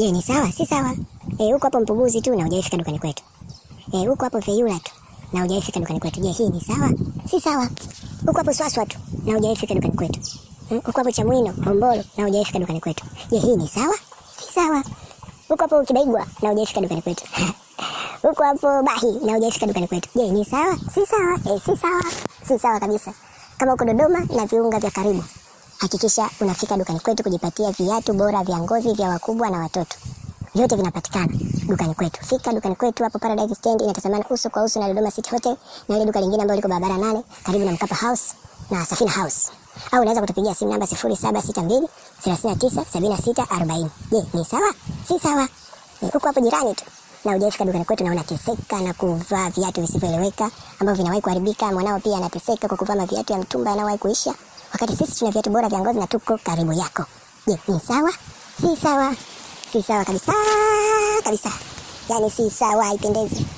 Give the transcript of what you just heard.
Je, ni sawa? Si sawa. Eh, huko hapo mpuguzi tu na hujaifika dukani kwetu. Eh, huko hapo feyula tu na hujaifika dukani kwetu. Je, hii ni sawa? Si sawa. Huko hapo swaswa tu na hujaifika dukani kwetu. Hmm, huko hapo chamwino, ombolo na hujaifika dukani kwetu. Je, hii ni sawa? Si sawa. Huko hapo kibaigwa na hujaifika dukani kwetu. Huko hapo bahi na hujaifika dukani kwetu. Je, ni sawa? Si sawa. Eh, si sawa. Si sawa kabisa. Kama uko Dodoma na viunga vya karibu hakikisha unafika dukani kwetu kujipatia viatu bora vya ngozi vya wakubwa na watoto. Vyote vinapatikana dukani kwetu. Fika dukani kwetu hapo Paradise Stand, inatazamana uso kwa uso na Dodoma City Hotel na ile duka lingine ambalo liko barabara nane karibu na Mkapa House na Safina House. Au unaweza kutupigia simu namba 0762 Je, ni sawa? Si sawa. Huko e, hapo jirani tu na hujafika dukani kwetu na unateseka na kuvaa viatu visivyoeleweka ambavyo vinawahi kuharibika. Mwanao pia anateseka kwa kuvaa viatu ya mtumba yanayowahi kuisha wakati sisi tuna viatu bora vya ngozi na tuko karibu yako. Je, ni sawa? Si sawa, si sawa kabisa kabisa, yaani si sawa, ipendezi